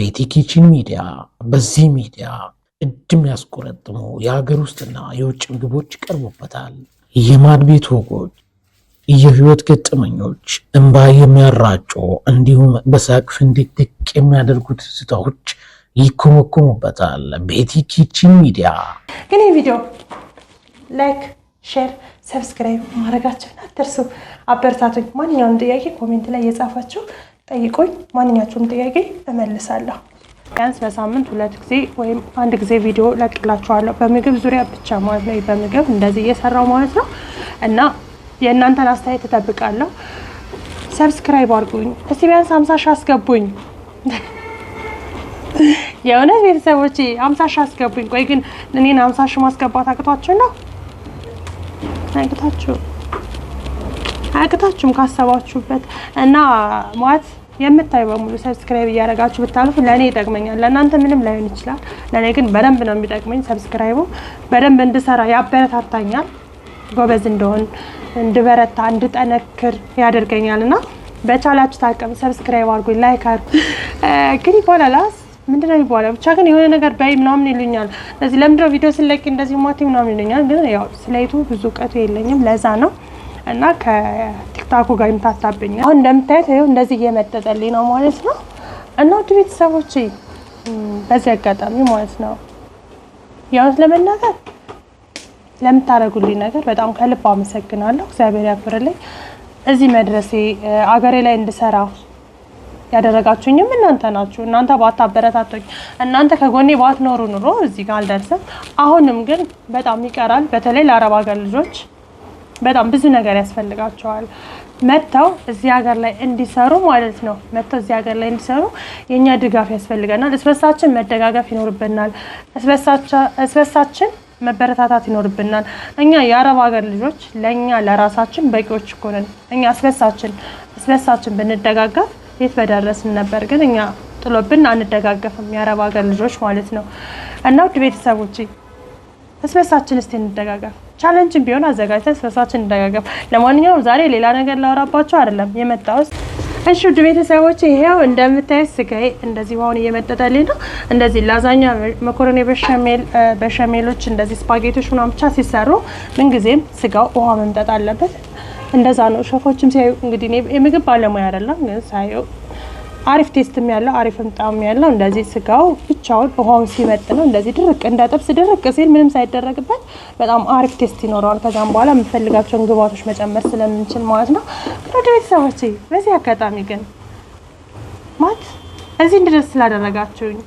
ቤቲ ኪችን ሚዲያ በዚህ ሚዲያ እድም የሚያስቆረጥሙ የሀገር ውስጥና የውጭ ምግቦች ይቀርቡበታል። የማድ ቤት ወጎች፣ የህይወት ገጠመኞች፣ እንባ የሚያራጩ እንዲሁም በሳቅ ፍንድቅድቅ የሚያደርጉ ትዝታዎች ይኮመኮሙበታል። ቤቲ ኪችን ሚዲያ ግን ቪዲዮ ላይክ፣ ሼር፣ ሰብስክራይብ ማድረጋቸውን አትርሱ። አበረታቶች ማንኛውም ጥያቄ ኮሜንት ላይ የጻፋችሁ ጠይቁኝ፣ ማንኛቸውም ጥያቄ እመልሳለሁ። ቢያንስ በሳምንት ሁለት ጊዜ ወይም አንድ ጊዜ ቪዲዮ ለቅላችኋለሁ፣ በምግብ ዙሪያ ብቻ ማለት ነው። በምግብ እንደዚህ እየሰራው ማለት ነው እና የእናንተን አስተያየት እጠብቃለሁ። ሰብስክራይብ አድርጉኝ እስቲ ቢያንስ ሀምሳ ሺህ አስገቡኝ። የእውነት ቤተሰቦች ሀምሳ ሺህ አስገቡኝ። ቆይ ግን እኔን ሀምሳ ሺህ ማስገባት አቅቷችሁ ነው? አቅታችሁ አቅታችሁም ካሰባችሁበት እና ማለት የምታዩ በሙሉ ሰብስክራይብ እያደረጋችሁ ብታልፉ ለእኔ ይጠቅመኛል። ለእናንተ ምንም ላይሆን ይችላል፣ ለእኔ ግን በደንብ ነው የሚጠቅመኝ። ሰብስክራይቡ በደንብ እንድሰራ ያበረታታኛል፣ ጎበዝ እንደሆን እንድበረታ፣ እንድጠነክር ያደርገኛል። እና በቻላችሁ ታቀም ሰብስክራይብ አድርጉኝ፣ ላይክ አድርጉ። ግን ይኮላላስ ምንድነው የሚባለው? ብቻ ግን የሆነ ነገር በይ ምናምን ይሉኛል። ለዚህ ለምንድነው ቪዲዮ ስለቂ እንደዚህ ሞቲ ምናምን ይሉኛል። ግን ያው ስለይቱ ብዙ እውቀቱ የለኝም፣ ለዛ ነው እና ከቲክታኩ ጋር ይምታታብኛል። አሁን እንደምታዩት ይኸው እንደዚህ እየመጠጠልኝ ነው ማለት ነው። እና ውድ ቤተሰቦች በዚህ አጋጣሚ ማለት ነው የእውነት ለመናገር ለምታደርጉልኝ ነገር በጣም ከልብ አመሰግናለሁ። እግዚአብሔር ያክብርልኝ። እዚህ መድረሴ አገሬ ላይ እንድሰራ ያደረጋችሁኝም እናንተ ናችሁ። እናንተ ባታበረታቶኝ፣ እናንተ ከጎኔ ባትኖሩ ኑሮ እዚህ ጋር አልደርስም። አሁንም ግን በጣም ይቀራል። በተለይ ለአረብ ሀገር ልጆች በጣም ብዙ ነገር ያስፈልጋቸዋል። መጥተው እዚህ ሀገር ላይ እንዲሰሩ ማለት ነው። መጥተው እዚህ ሀገር ላይ እንዲሰሩ የእኛ ድጋፍ ያስፈልገናል። እስበሳችን መደጋገፍ ይኖርብናል። እስበሳችን መበረታታት ይኖርብናል። እኛ የአረብ ሀገር ልጆች ለእኛ ለራሳችን በቂዎች እኮ ነን። እኛ እስበሳችን እስበሳችን ብንደጋገፍ የት በደረስን ነበር። ግን እኛ ጥሎብን አንደጋገፍም የአረብ ሀገር ልጆች ማለት ነው። እና ውድ ቤተሰቦች እስበሳችን እስቲ እንደጋገፍ ቻለንጅን ቢሆን አዘጋጅተን ስለሳችን እንደጋገፍ። ለማንኛውም ዛሬ ሌላ ነገር ላወራባቸው አይደለም የመጣሁት። እሺ ውድ ቤተሰቦች ይሄው እንደምታዩት ስጋዬ እንደዚህ በአሁን እየመጠጠልኝ ነው። እንደዚህ ላዛኛ፣ መኮረኒ በሸሜል፣ በሸሜሎች እንደዚህ ስፓጌቶች ምናምን ብቻ ሲሰሩ ምንጊዜም ስጋው ውሃ መምጠጥ አለበት። እንደዛ ነው ሸፎችም ሲያዩ እንግዲህ የምግብ ባለሙያ አይደለም ግን ሳየው አሪፍ ቴስትም ያለው አሪፍም ጣዕም ያለው እንደዚህ ስጋው ብቻውን ውሃውን ሲመጥ ነው። እንደዚህ ድርቅ እንዳጠብስ ድርቅ ሲል ምንም ሳይደረግበት በጣም አሪፍ ቴስት ይኖረዋል። ከዛም በኋላ የምፈልጋቸውን ግብአቶች መጨመር ስለምንችል ማለት ነው። ወደ ቤተሰቦቼ በዚህ አጋጣሚ ግን ማት እዚህ እንድደርስ ስላደረጋችሁኝ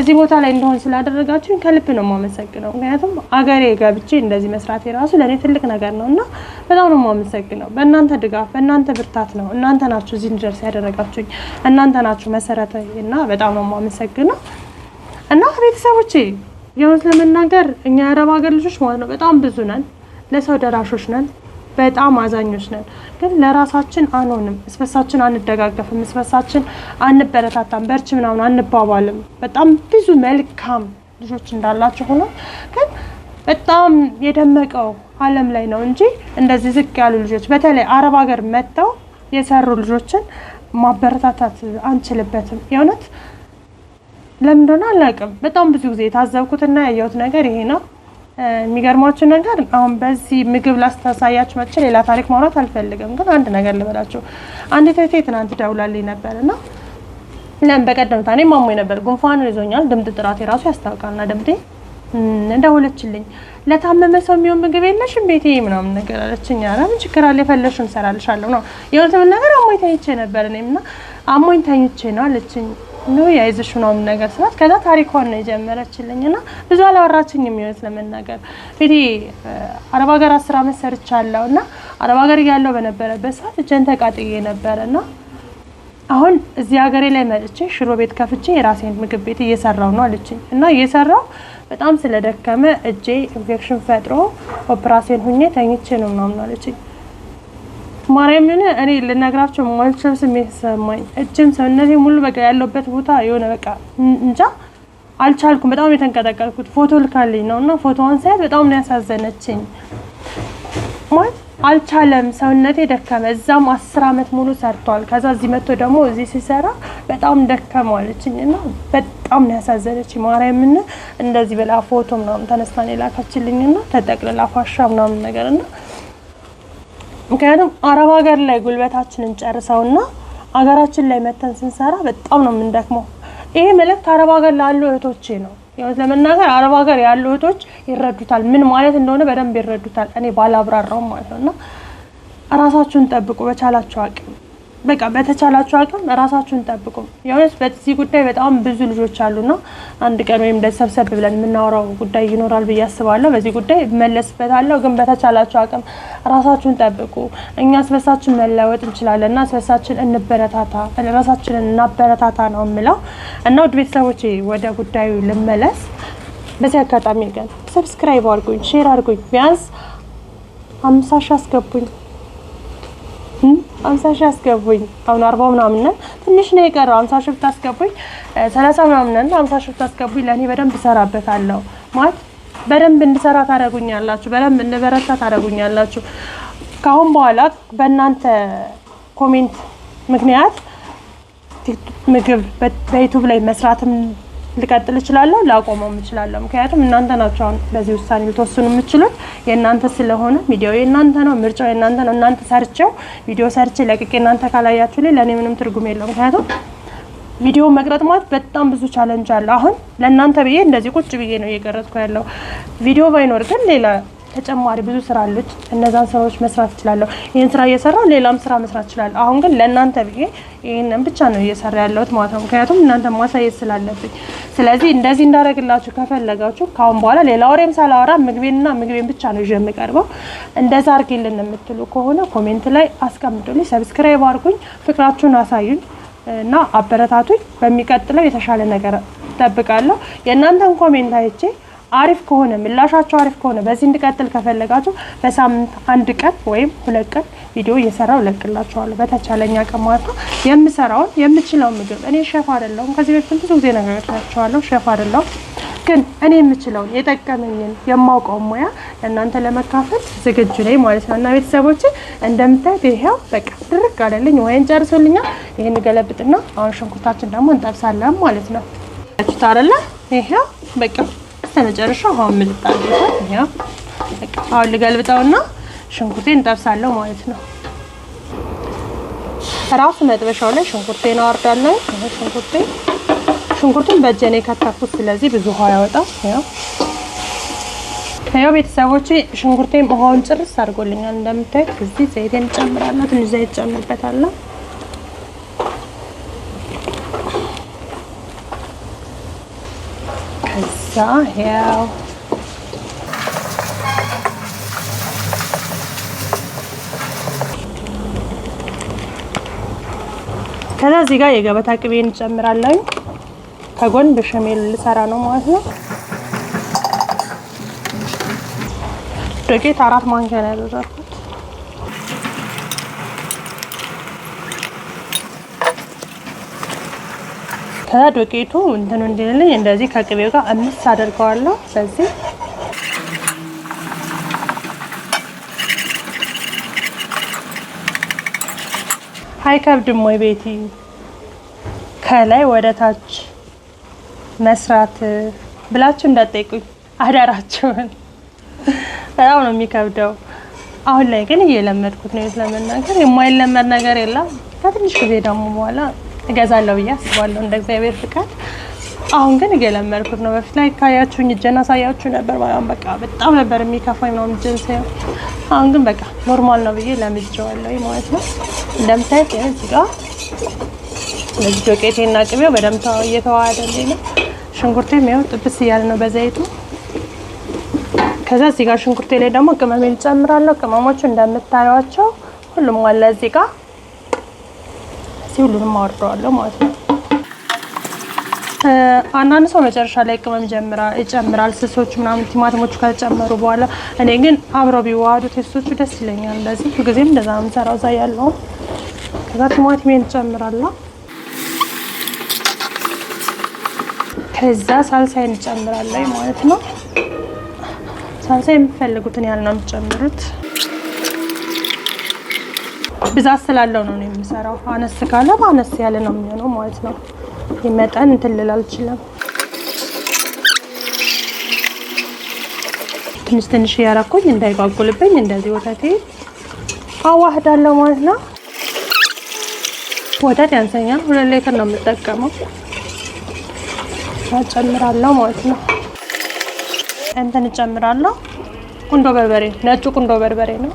እዚህ ቦታ ላይ እንደሆን ስላደረጋችሁ ከልብ ነው የማመሰግነው። ምክንያቱም አገሬ ገብቼ እንደዚህ መስራት የራሱ ለእኔ ትልቅ ነገር ነው እና በጣም ነው የማመሰግነው። በእናንተ ድጋፍ፣ በእናንተ ብርታት ነው እናንተ ናችሁ እዚህ እንድደርስ ያደረጋችሁኝ። እናንተ ናችሁ መሰረተ እና በጣም ነው የማመሰግነው እና ቤተሰቦቼ የሆነ ለመናገር እኛ የአረብ ሀገር ልጆች ማለት ነው በጣም ብዙ ነን፣ ለሰው ደራሾች ነን። በጣም አዛኞች ነን፣ ግን ለራሳችን አንሆንም፣ እስበሳችን አንደጋገፍም፣ እስበሳችን አንበረታታም፣ በርች ምናምን አንባባልም። በጣም ብዙ መልካም ልጆች እንዳላቸው ሆኖ ግን በጣም የደመቀው ዓለም ላይ ነው እንጂ እንደዚህ ዝቅ ያሉ ልጆች በተለይ አረብ ሀገር መጥተው የሰሩ ልጆችን ማበረታታት አንችልበትም። የእውነት ለምንደሆነ አላውቅም። በጣም ብዙ ጊዜ የታዘብኩትና ያየሁት ነገር ይሄ ነው። የሚገርማችሁ ነገር አሁን በዚህ ምግብ ላስታሳያችሁ መጥቼ ሌላ ታሪክ ማውራት አልፈልግም፣ ግን አንድ ነገር ልበላችሁ። አንዲት እህቴ ትናንት ደውላልኝ ነበር እና ለም በቀደምታ እኔ ማሞኝ ነበር፣ ጉንፋን ይዞኛል፣ ድምፅ ጥራቴ ራሱ ያስታውቃል ያስታውቃልና ድምጤ ደውለችልኝ። ለታመመ ሰው የሚሆን ምግብ የለሽም ቤቴ ምናምን ነገር አለችኝ። ኧረ ምን ችግር አለ የፈለግሽውን እሰራልሻለሁ ነው የሆነ ነገር አሞኝ ተኝቼ ነበር እኔም እና አሞኝ ተኝቼ ነው አለችኝ ኑ የይዝሽ ነው ነገር ስላት ከዛ ታሪኳን ነው የጀመረችልኝ እና ብዙ አላወራችኝ የሚወት ለመናገር እንግዲህ አረብ ሀገር አስር አመት ሰርቻለሁ እና አረብ ሀገር እያለሁ በነበረበት ሰዓት እጄን ተቃጥዬ ነበረ እና አሁን እዚህ ሀገሬ ላይ መጥቼ ሽሮ ቤት ከፍቼ የራሴን ምግብ ቤት እየሰራው ነው አለችኝ እና እየሰራው በጣም ስለደከመ እጄ ኢንፌክሽን ፈጥሮ ኦፕራሴን ሁኜ ተኝቼ ነው ምናምን አለችኝ ማርያምን እኔ ልነግራቸው ማልችል ስሜት ተሰማኝ። እጅም ሰውነቴ ሙሉ በቃ ያለሁበት ቦታ የሆነ በቃ እንጃ አልቻልኩም። በጣም የተንቀጠቀልኩት ፎቶ ልካልኝ ነው እና ፎቶዋን ሳያት በጣም ነው ያሳዘነችኝ። ማለት አልቻለም፣ ሰውነቴ ደከመ። እዛም አስር አመት ሙሉ ሰርቷል። ከዛ እዚህ መጥቶ ደግሞ እዚህ ሲሰራ በጣም ደከመ አለችኝ እና በጣም ነው ያሳዘነችኝ። ማርያምን እንደዚህ ብላ ፎቶ ምናምን ተነስታን የላካችልኝ እና ተጠቅልላ ፋሻ ምናምን ነገር እና ምክንያቱም አረብ ሀገር ላይ ጉልበታችንን ጨርሰውና አገራችን ላይ መተን ስንሰራ በጣም ነው የምንደክመው። ይሄ መልእክት አረብ ሀገር ላሉ እህቶቼ ነው። የእውነት ለመናገር አረብ ሀገር ያሉ እህቶች ይረዱታል፣ ምን ማለት እንደሆነ በደንብ ይረዱታል። እኔ ባላብራራውም ማለት ነው እና ራሳችሁን ጠብቁ በቻላችሁ አቅም በቃ በተቻላችሁ አቅም ራሳችሁን ጠብቁ። የእውነት በዚህ ጉዳይ በጣም ብዙ ልጆች አሉና አንድ ቀን ወይም እንደዚህ ሰብሰብ ብለን የምናወራው ጉዳይ ይኖራል ብዬ አስባለሁ። በዚህ ጉዳይ እመለስበታለሁ። ግን በተቻላችሁ አቅም ራሳችሁን ጠብቁ። እኛ አስበሳችን መለወጥ እንችላለን እና አስበሳችን እንበረታታ፣ ራሳችንን እናበረታታ ነው የምለው እና ውድ ቤተሰቦች ወደ ጉዳዩ ልመለስ። በዚህ አጋጣሚ ግን ሰብስክራይብ አድርጉኝ፣ ሼር አድርጉኝ፣ ቢያንስ አምሳ ሺ አስገቡኝ። አምሳ ሺህ አስገቡኝ። አሁን አርባ ምናምን ነን፣ ትንሽ ነው የቀረው። አምሳ ሺህ ብታስገቡኝ፣ ሰላሳ ምናምን ነን። አምሳ ሺህ ብታስገቡኝ ለእኔ በደንብ እሰራበታለሁ ማለት በደንብ እንድሰራ ታደርጉኛላችሁ፣ በደንብ እንበረታ ታደርጉኛላችሁ። ከአሁን በኋላ በእናንተ ኮሜንት ምክንያት ምግብ በዩቱብ ላይ መስራትም ልቀጥል እችላለሁ፣ ላቆመውም እችላለሁ። ምክንያቱም እናንተ ናቸው አሁን በዚህ ውሳኔ ልትወስኑ የምችሉት። የእናንተ ስለሆነ ቪዲዮ የእናንተ ነው፣ ምርጫው የእናንተ ነው። እናንተ ሰርቼው ቪዲዮ ሰርቼ ለቅቄ እናንተ ካላያችሁ ላይ ለእኔ ምንም ትርጉም የለው። ምክንያቱም ቪዲዮ መቅረጥ ማለት በጣም ብዙ ቻለንጅ አለ። አሁን ለእናንተ ብዬ እንደዚህ ቁጭ ብዬ ነው እየቀረጥኩ ያለው። ቪዲዮ ባይኖር ግን ሌላ ተጨማሪ ብዙ ስራ አለች። እነዛን ስራዎች መስራት እችላለሁ። ይህን ስራ እየሰራው ሌላም ስራ መስራት እችላለሁ። አሁን ግን ለእናንተ ብዬ ይህንን ብቻ ነው እየሰራ ያለሁት ማለት ነው። ምክንያቱም እናንተ ማሳየት ስላለብኝ። ስለዚህ እንደዚህ እንዳደረግላችሁ ከፈለጋችሁ ከአሁን በኋላ ሌላ ወሬም ሳላወራ ምግቤንና ምግቤን ብቻ ነው የምቀርበው። እንደዛ አርጌልን የምትሉ ከሆነ ኮሜንት ላይ አስቀምጡልኝ፣ ሰብስክራይብ አርጉኝ ፍቅራችሁን አሳዩኝ እና አበረታቱኝ። በሚቀጥለው የተሻለ ነገር ጠብቃለሁ የእናንተን ኮሜንት አይቼ አሪፍ ከሆነ ምላሻቸው አሪፍ ከሆነ በዚህ እንድቀጥል ከፈለጋችሁ በሳምንት አንድ ቀን ወይም ሁለት ቀን ቪዲዮ እየሰራው እለቅላችኋለሁ። በተቻለኛ ቀን ማለት ነው የምሰራውን የምችለውን ምግብ እኔ ሸፍ አይደለሁም። ከዚህ በፊት ብዙ ጊዜ ነግራችኋለሁ። ሸፍ አይደለሁም፣ ግን እኔ የምችለውን የጠቀመኝን የማውቀውን ሙያ እናንተ ለመካፈል ዝግጁ ነኝ ማለት ነው። እና ቤተሰቦች እንደምታዩት ይሄው በቃ ድርቅ አለልኝ ወይን ጨርሶልኛል። ይህን ገለብጥና አሁን ሽንኩርታችን ደግሞ እንጠብሳለን ማለት ነው። ታረላ ይሄው በቃ እስከመጨረሻ ውሃውን ምልጥ አድርጎት ይሄው አሁን ልገልብጠውና ሽንኩርቴን እንጠብሳለሁ ማለት ነው። ራሱ መጥበሻው ላይ ሽንኩርቴን አወርዳለሁ። ይሄ ሽንኩርቴ ሽንኩርቱን በእጄ ነው የከተፍኩት፣ ስለዚህ ብዙ ውሃ ያወጣው። ይሄው ይሄው ቤተሰቦቼ ሽንኩርቴን ውሃውን ጭርስ አድርጎልኛል። እንደምታዩት እዚህ ዘይቴን እጨምራለሁ። ትንሽ ዘይት እጨምርበታለሁ። saw hill. ከዛ እዚህ ጋር የገበታ ቅቤን እንጨምራለን። ከጎን በሸሜል ልሰራ ነው ማለት ነው። ዱቄት አራት ማንኪያ ነው ያደረኩት። ከዱቄቱ እንትኑ እንዲልልኝ እንደዚህ ከቅቤው ጋር አምስት አደርገዋለሁ። በዚህ አይከብድም ወይ ቤቲ? ከላይ ወደ ታች መስራት ብላችሁ እንዳጠይቁኝ አዳራችሁን። በጣም ነው የሚከብደው። አሁን ላይ ግን እየለመድኩት ነው። ለመናገር የማይለመድ ነገር የለም። ከትንሽ ጊዜ ደግሞ በኋላ እገዛለሁ ብዬ አስባለሁ እንደ እግዚአብሔር ፍቃድ። አሁን ግን እየለመድኩት ነው። በፊት ላይ ካያችሁኝ እጄን አሳያችሁ ነበር። ባሁን በቃ በጣም ነበር የሚከፋኝ ነው እጄን ሳይሆን፣ አሁን ግን በቃ ኖርማል ነው ብዬ ለምጄዋለሁ ማለት ነው። እንደምታየት እዚህ ጋር እዚህ ዱቄቴና ቅቤው በደምታ እየተዋሃደልኝ ነው። ሽንኩርቴም ያው ጥብስ እያለ ነው በዘይቱ። ከዛ እዚህ ጋር ሽንኩርቴ ላይ ደግሞ ቅመሜን እጨምራለሁ። ቅመሞቹ እንደምታዩቸው ሁሉም አለ እዚህ ጋር እስኪ ሁሉንም አወርደዋለሁ ማለት ነው። አንዳንድ ሰው መጨረሻ ላይ ቅመም ይጨምራል፣ ስሶቹ ምናምን ቲማቲሞቹ ከተጨመሩ በኋላ። እኔ ግን አብረው ቢዋሃዱ ቴስቶቹ ደስ ይለኛል። እንደዚህ ሁልጊዜም እንደዛ ነው የምሰራው። እዛ ያለውን ከዛ ቲማቲሜን እጨምራለሁ። ከዛ ሳልሳይን እጨምራለሁ ማለት ነው። ሳልሳ የምፈልጉትን ያህል ነው የምትጨምሩት። ብዛት ስላለው ነው የሚሰራው። አነስ ካለ አነስ ያለ ነው የሚሆነው ማለት ነው። ይመጠን እንትን ልል አልችልም። ትንሽ ትንሽ እያረኩኝ እንዳይጓጉልብኝ እንደዚህ ወተቴ አዋህዳለሁ ማለት ነው። ወተት ያንሰኛል። ሁለት ሌትር ነው የምጠቀመው። ጨምራለሁ ማለት ነው። እንትን እጨምራለሁ። ቁንዶ በርበሬ ነጩ ቁንዶ በርበሬ ነው።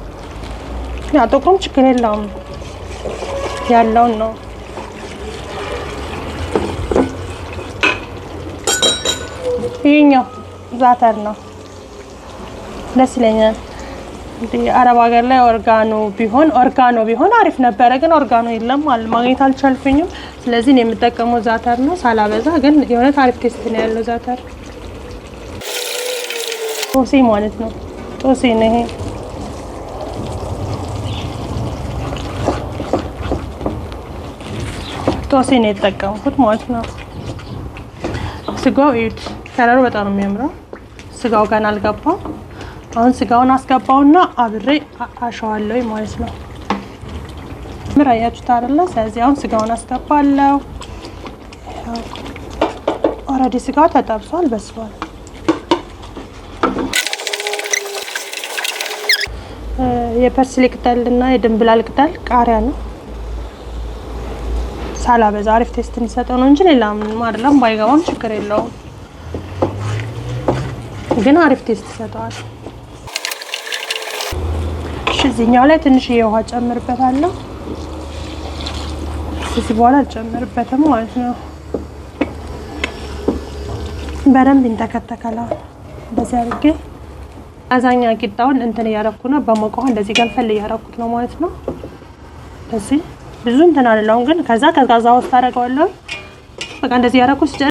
ያጠቁሩም ችግር የለውም። ያለውን ነው ይህኛው ዛተር ነው ደስ ይለኛል። እንዲህ አረብ ሀገር ላይ ኦርጋኖ ቢሆን ኦርጋኖ ቢሆን አሪፍ ነበረ፣ ግን ኦርጋኖ የለም አለ ማግኘት አልቻልኩኝም። ስለዚህ ነው የምጠቀመው ዛተር ነው ሳላበዛ፣ ግን የሆነ አሪፍ ቴስት ነው ያለው ዛተር ጦሴ ማለት ነው። ጦሴ ነው ይሄ ቶሴ ነው የተጠቀምኩት ማለት ነው። ስጋው እዩት፣ ከለሩ በጣም ነው የሚያምረው። ስጋው ገና አልገባም። አሁን ስጋውን አስገባውና አብሬ አሸዋለሁ ማለት ነው። ምር አያችሁት አይደለ? ስለዚህ አሁን ስጋውን አስገባለሁ። ኦልሬዲ ስጋው ተጠብሷል፣ በስሏል። የፐርስሊ ቅጠልና የድንብላል ቅጠል ቃሪያ ነው ሳላበዛ አሪፍ ቴስት እንዲሰጠው ነው እንጂ ሌላ ምንም አይደለም። ባይገባም ችግር የለውም፣ ግን አሪፍ ቴስት ይሰጠዋል። እሺ እዚህኛው ላይ ትንሽ የውሃ ጨምርበታለሁ። ከዚህ በኋላ አልጨምርበትም ማለት ነው። በደንብ ይንተከተከላል። በዚህ አድርጌ አዛኛ ቂጣውን እንትን እያደረኩ ነው። በሞቀ ውሃ እንደዚህ ገልፈል እያደረኩት ነው ማለት ነው። እዚህ ብዙ እንትን አልለውም፣ ግን ከዛ ቀዝቃዛ ውስጥ አደርገዋለሁ። በቃ እንደዚህ ያደረኩት ስጨ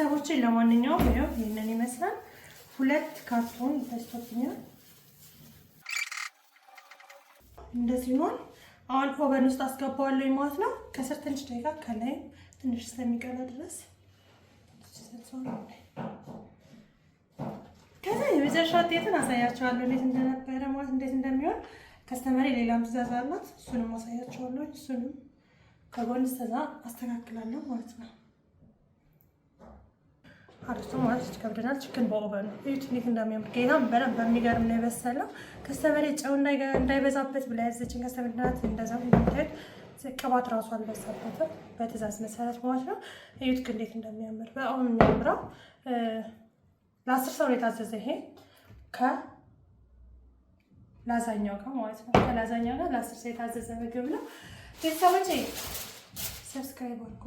ሰዎችን ለማንኛውም ይህንን ይመስላል። ሁለት ካርቶን በስቶኛል። እንደዚህ ሆን አሁን ኦቨን ውስጥ አስገባዋለኝ ማለት ነው። ከስር ትንሽ ደቂቃ ከላይ ትንሽ ስለሚቀላ ድረስ ከዛ የመጨረሻ ውጤትን አሳያቸዋለሁ እንዴት እንደነበረ ማለት እንዴት እንደሚሆን። ከስተመሪ ሌላም ትእዛዝ አላት። እሱንም አሳያቸዋለሁ። እሱንም ከጎን ስተዛ አስተካክላለሁ ማለት ነው። አሪስቶ ማለት ይከብደናል። ችክን በኦቨን እዩት እንዴት እንደሚያምር ጌታ በደንብ በሚገርም ነው የበሰለው። ከስተመሬ ጨው እንዳይበዛበት ብላ ያዘችን ከስተመሬ እንደዛ እንደምታዩት ቅባት ራሱ አልበዛበትም በትእዛዝ መሰረት ማለት ነው። እዩት እንዴት እንደሚያምር በአሁን የሚያምረው ለአስር ሰው ነው የታዘዘ ይሄ ከላዛኛው ጋር ማለት ነው። ከላዛኛው ጋር ለአስር ሰው የታዘዘ ምግብ ነው። ቤተሰቦች ሰብስክራይብ አድርጉ፣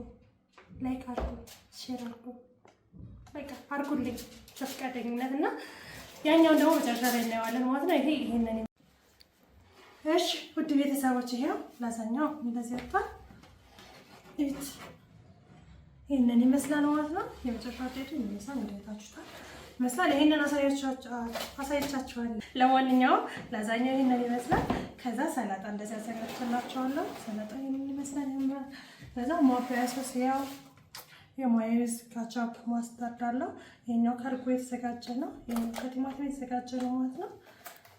ላይክ አድርጉ፣ ሼር አድርጉ። በቃ አድርጉልኝ በፍቃደኝነት እና ያኛውን ደግሞ መጨረሻ ላይ እናየዋለን ማለት ነው። ይሄ ይሄንን እሺ፣ ውድ ቤተሰቦች ይሄው ላዛኛው እንደዚህ ወጥቷል። እት ይሄንን ይመስላል ማለት ነው። የመጨረሻ ውጤቱ ይመስላል እንደታችሁታል ይመስላል ይሄንን አሳየቻችኋለሁ። ለማንኛውም ላዛኛው ይሄንን ይመስላል። ከዛ ሰላጣ እንደዚህ አዘጋጅቼላችኋለሁ። ሰላጣ ይሄንን ይመስላል። ከዛ ማፍያ ሶስ ያው የሙያዊ ካቻፕ ማስታርድ አለው። ይሄኛው ከእርጎ የተዘጋጀ ነው። ይሄኛው ከቲማቲም የተዘጋጀ ነው ማለት ነው።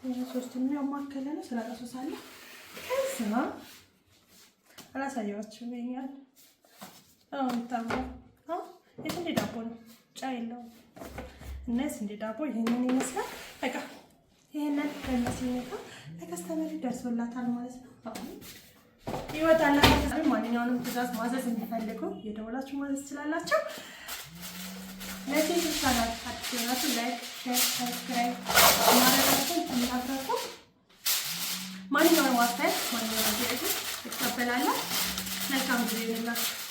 ይሄ ሶስቱን ያማከለ ነው። ሰላጣ ሶስ አለ። ከዛ አላሳየኋችሁም። ይሄኛል አው ይታማ አዎ፣ የስንዴ ዳቦ ነው። ጫ የለውም እና የስንዴ ዳቦ ይሄንን ይመስላል። በቃ ይሄንን በሚያስል ሁኔታ ለከስተመሪ ደርሶላታል ማለት ነው። አሁን ህይወት አላችሁ። ማንኛውንም ትእዛዝ ማዘዝ የሚፈልጉ የደወላችሁ ማዘዝ ትችላላችሁ። ለዚህ ቻናል አዲስ የሆናችሁ ላይክ፣ ሼር፣ ሰብስክራይብ ማድረጋችሁን እንዳትረሱ። ማንኛውንም አስተያየት ማንኛውንም ጥያቄ ይቀበላለሁ። መልካም ጊዜ ይሁንላችሁ።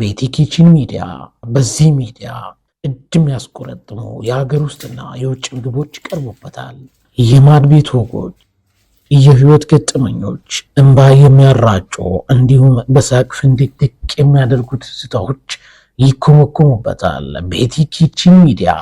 ቤቲ ኪችን ሚዲያ በዚህ ሚዲያ እድም ያስቆረጥሙ የሀገር ውስጥና የውጭ ምግቦች ይቀርቡበታል። የማድ ቤት ወጎች፣ የህይወት ገጠመኞች፣ እንባ የሚያራጩ እንዲሁም በሳቅ ፍንድቅድቅ የሚያደርጉት ትዝታዎች ይኮመኮሙበታል። ቤቲ ኪችን ሚዲያ